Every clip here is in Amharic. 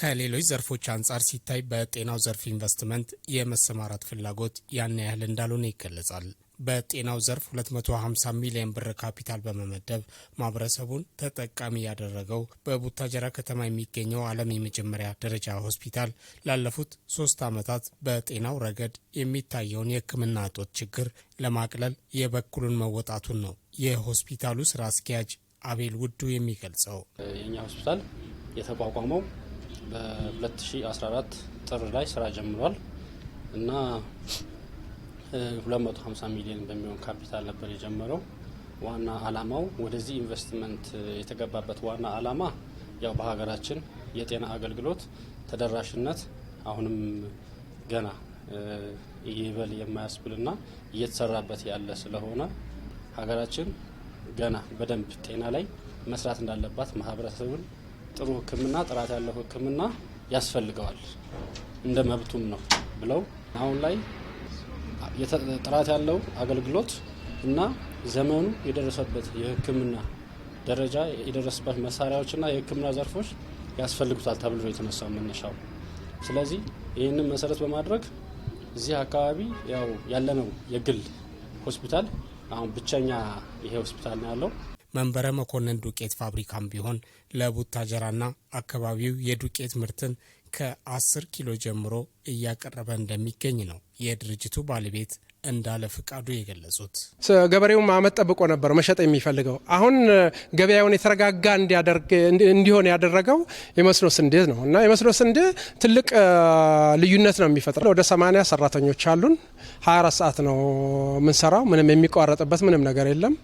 ከሌሎች ዘርፎች አንጻር ሲታይ በጤናው ዘርፍ ኢንቨስትመንት የመሰማራት ፍላጎት ያን ያህል እንዳልሆነ ይገለጻል። በጤናው ዘርፍ 250 ሚሊዮን ብር ካፒታል በመመደብ ማህበረሰቡን ተጠቃሚ ያደረገው በቡታጀራ ከተማ የሚገኘው ዓለም የመጀመሪያ ደረጃ ሆስፒታል ላለፉት ሶስት ዓመታት በጤናው ረገድ የሚታየውን የሕክምና እጦት ችግር ለማቅለል የበኩሉን መወጣቱን ነው የሆስፒታሉ ስራ አስኪያጅ አቤል ውዱ የሚገልጸው። የኛ ሆስፒታል የተቋቋመው በ2014 ጥር ላይ ስራ ጀምሯል እና 250 ሚሊዮን በሚሆን ካፒታል ነበር የጀመረው። ዋና አላማው ወደዚህ ኢንቨስትመንት የተገባበት ዋና አላማ ያው በሀገራችን የጤና አገልግሎት ተደራሽነት አሁንም ገና ይበል የማያስብልና እየተሰራበት ያለ ስለሆነ ሀገራችን ገና በደንብ ጤና ላይ መስራት እንዳለባት ማህበረሰቡን ጥሩ ህክምና ጥራት ያለው ህክምና ያስፈልገዋል እንደ መብቱም ነው ብለው አሁን ላይ ጥራት ያለው አገልግሎት እና ዘመኑ የደረሰበት የህክምና ደረጃ የደረሰበት መሳሪያዎችና የህክምና ዘርፎች ያስፈልጉታል ተብሎ የተነሳው መነሻው። ስለዚህ ይህንን መሰረት በማድረግ እዚህ አካባቢ ያው ያለነው የግል ሆስፒታል አሁን ብቸኛ ይሄ ሆስፒታል ነው ያለው። መንበረ መኮንን ዱቄት ፋብሪካም ቢሆን ለቡታጀራና አካባቢው የዱቄት ምርትን ከ10 ኪሎ ጀምሮ እያቀረበ እንደሚገኝ ነው የድርጅቱ ባለቤት እንዳለ ፍቃዱ የገለጹት። ገበሬውም አመት ጠብቆ ነበር መሸጥ የሚፈልገው። አሁን ገበያውን የተረጋጋ እንዲሆን ያደረገው የመስኖ ስንዴ ነው እና የመስኖ ስንዴ ትልቅ ልዩነት ነው የሚፈጥረው። ወደ 80 ሰራተኞች አሉን። 24 ሰዓት ነው የምንሰራው። ምንም የሚቋረጥበት ምንም ነገር የለም።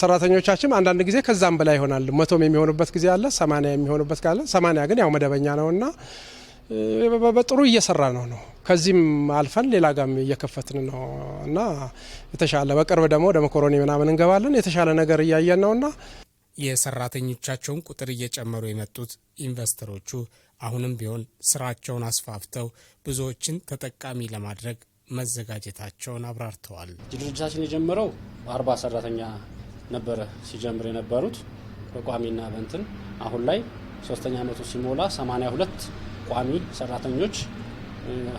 ሰራተኞቻችን አንዳንድ ጊዜ ከዛም በላይ ይሆናል። መቶም የሚሆኑበት ጊዜ አለ፣ ሰማንያ የሚሆኑበት ካለ ሰማንያ ግን ያው መደበኛ ነውና በጥሩ እየሰራ ነው ነው ከዚህም አልፈን ሌላ ጋም እየከፈትን ነው እና የተሻለ በቅርብ ደግሞ ወደ ምናምን እንገባለን። የተሻለ ነገር እያየን ነውና የሰራተኞቻቸውን ቁጥር እየጨመሩ የመጡት ኢንቨስተሮቹ አሁንም ቢሆን ስራቸውን አስፋፍተው ብዙዎችን ተጠቃሚ ለማድረግ መዘጋጀታቸውን አብራርተዋል። ድርጅታችን የጀመረው አርባ ሰራተኛ ነበረ ሲጀምር የነበሩት በቋሚና በንትን አሁን ላይ ሶስተኛ አመቱ ሲሞላ ሁለት ቋሚ ሰራተኞች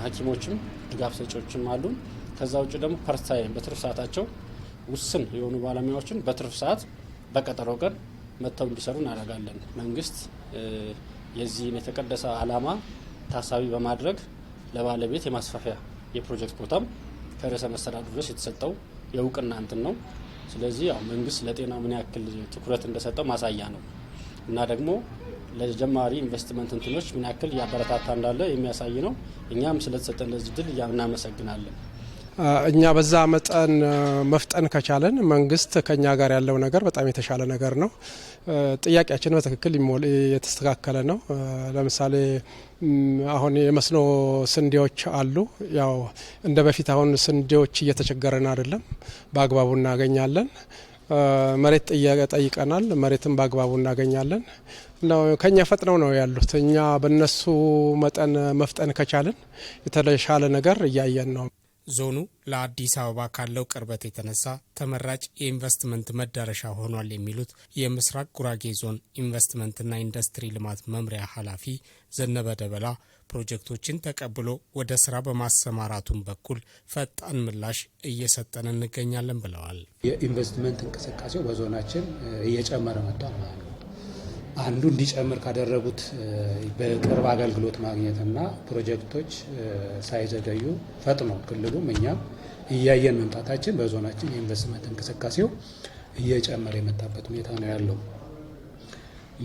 ሐኪሞችም ድጋፍ ሰጪዎችም አሉ። ከዛ ውጭ ደግሞ ፐርታይም በትርፍ ሰዓታቸው ውስን የሆኑ ባለሙያዎችን በትርፍ ሰዓት በቀጠሮ ቀን መጥተው እንዲሰሩ እናደርጋለን። መንግስት የዚህን የተቀደሰ አላማ ታሳቢ በማድረግ ለባለቤት የማስፋፊያ የፕሮጀክት ቦታም ከርዕሰ መስተዳድሩ ድረስ የተሰጠው የእውቅና እንትን ነው። ስለዚህ ያው መንግስት ለጤና ምን ያክል ትኩረት እንደሰጠው ማሳያ ነው እና ደግሞ ለጀማሪ ኢንቨስትመንት እንትኖች ምን ያክል እያበረታታ እንዳለ የሚያሳይ ነው። እኛም ስለተሰጠን ለዚህ ድል እናመሰግናለን። እኛ በዛ መጠን መፍጠን ከቻለን መንግስት ከኛ ጋር ያለው ነገር በጣም የተሻለ ነገር ነው። ጥያቄያችን በትክክል የተስተካከለ ነው። ለምሳሌ አሁን የመስኖ ስንዴዎች አሉ። ያው እንደ በፊት አሁን ስንዴዎች እየተቸገረን አይደለም፣ በአግባቡ እናገኛለን። መሬት ጥያቄ ጠይቀናል፣ መሬትም በአግባቡ እናገኛለን። ከኛ ፈጥነው ነው ያሉት። እኛ በነሱ መጠን መፍጠን ከቻልን የተሻለ ነገር እያየን ነው። ዞኑ ለአዲስ አበባ ካለው ቅርበት የተነሳ ተመራጭ የኢንቨስትመንት መዳረሻ ሆኗል የሚሉት የምስራቅ ጉራጌ ዞን ኢንቨስትመንትና ኢንዱስትሪ ልማት መምሪያ ኃላፊ ዘነበ ደበላ ፕሮጀክቶችን ተቀብሎ ወደ ስራ በማሰማራቱን በኩል ፈጣን ምላሽ እየሰጠን እንገኛለን ብለዋል። የኢንቨስትመንት እንቅስቃሴው በዞናችን እየጨመረ መጥቷል ማለት ነው። አንዱ እንዲጨምር ካደረጉት በቅርብ አገልግሎት ማግኘትና ፕሮጀክቶች ሳይዘገዩ ፈጥኖ ክልሉም እኛም እያየን መምጣታችን በዞናችን የኢንቨስትመንት እንቅስቃሴው እየጨመረ የመጣበት ሁኔታ ነው ያለው።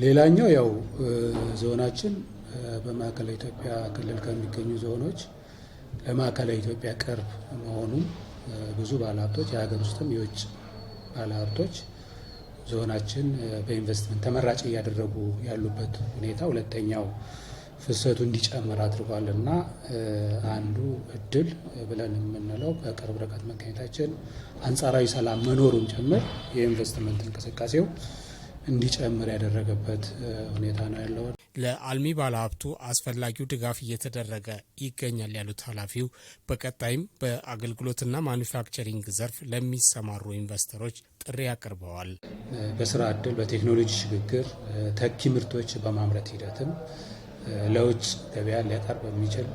ሌላኛው ያው ዞናችን በማዕከላዊ ኢትዮጵያ ክልል ከሚገኙ ዞኖች ለማዕከላዊ ኢትዮጵያ ቅርብ መሆኑም ብዙ ባለሀብቶች የሀገር ውስጥም የውጭ ባለሀብቶች ዞናችን በኢንቨስትመንት ተመራጭ እያደረጉ ያሉበት ሁኔታ ሁለተኛው ፍሰቱ እንዲጨምር አድርጓል እና አንዱ እድል ብለን የምንለው በቅርብ ርቀት መገኘታችን አንጻራዊ ሰላም መኖሩን ጭምር የኢንቨስትመንት እንቅስቃሴው እንዲጨምር ያደረገበት ሁኔታ ነው ያለው። ለአልሚ ባለሀብቱ አስፈላጊው ድጋፍ እየተደረገ ይገኛል ያሉት ኃላፊው በቀጣይም በአገልግሎትና ማኑፋክቸሪንግ ዘርፍ ለሚሰማሩ ኢንቨስተሮች ጥሪ አቅርበዋል። በስራ እድል፣ በቴክኖሎጂ ሽግግር፣ ተኪ ምርቶች በማምረት ሂደትም ለውጭ ገበያ ሊያቀርብ በሚችል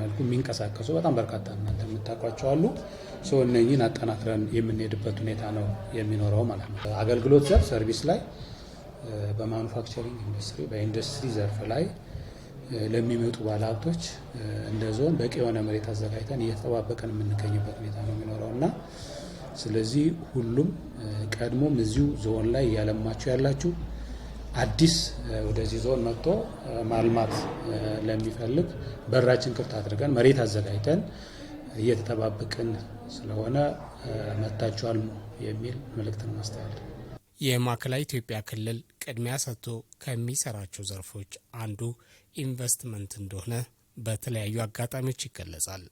መልኩ የሚንቀሳቀሱ በጣም በርካታ እናንተ የምታውቋቸው አሉ። ሰው እነኝን አጠናክረን የምንሄድበት ሁኔታ ነው የሚኖረው ማለት ነው። አገልግሎት ዘርፍ ሰርቪስ ላይ በማኑፋክቸሪንግ ኢንዱስትሪ በኢንዱስትሪ ዘርፍ ላይ ለሚመጡ ባለሀብቶች እንደ ዞን በቂ የሆነ መሬት አዘጋጅተን እየተጠባበቀን የምንገኝበት ሁኔታ ነው የሚኖረው እና ስለዚህ ሁሉም ቀድሞም እዚሁ ዞን ላይ እያለማችሁ ያላችሁ አዲስ ወደዚህ ዞን መጥቶ ማልማት ለሚፈልግ በራችን ክፍት አድርገን መሬት አዘጋጅተን እየተጠባበቅን ስለሆነ መጥታችኋል የሚል መልእክት ነው ማስተዋል። የማዕከላዊ ኢትዮጵያ ክልል ቅድሚያ ሰጥቶ ከሚሰራቸው ዘርፎች አንዱ ኢንቨስትመንት እንደሆነ በተለያዩ አጋጣሚዎች ይገለጻል።